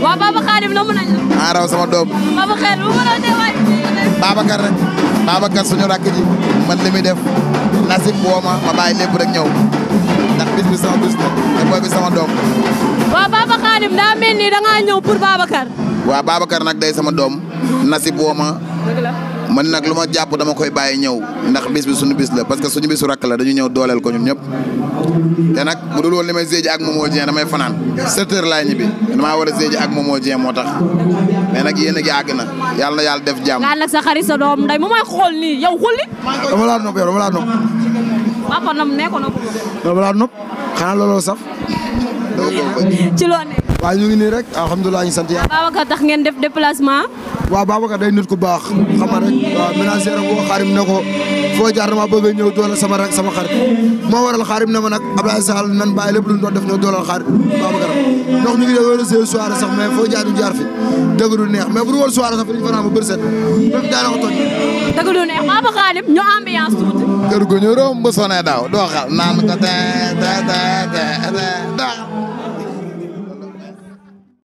waaw Baba Khadim namm nañ la. maa ah, raw sama doom. Baba Khadim bu ma la dee waay. Babacar def nasib woo ma ma bàyyi lépp rek ñëw ndax bis sama bis la te booy sama doom. waa Baba Khadim daa mel ni da ngaa ñëw pour Babacar. waaw Babacar nag day sama doom nasib woo man nag lu ma jàpp dama koy bàyyi ñëw ndax bis bi suñu bis la parce que suñu bisu rakk la dañu ñëw dooleel ko ñun ñëpp nag bu dul woon li may séeji ak Momo Dieng damay fanaan sept heures laay ñibbi damaa war a séeji ak Momo Dieng moo tax mais nag yéen a gi àgg na yàlla na yàlla def jàmm. daal nag sa xarit sa doom nday mu may xool nii yow xulli. dama laa nopp yow dama laa nopp. xanaa looloo saf. ci loo nekk. waaw ñu ngi nii rek alhamdulilah ñu sant yàlla. Babacar tax ngeen def déplacement. waaw Babacar day nit ku baax xam nga rek waaw ménagère boo jaar dama bëgg a ñëw doolal sama rak sama xarit moo waral xaarim ne ma nag Abdoulaye Sall nan bàyyi lépp lu ñu doon def ñëw doolal xaarim Babacar ndox ñu jaar du jaar neex mais bu dul woon soirée sax dañu fa naan ba bëri set même daanaka toj. dëgg daaw doo naan ko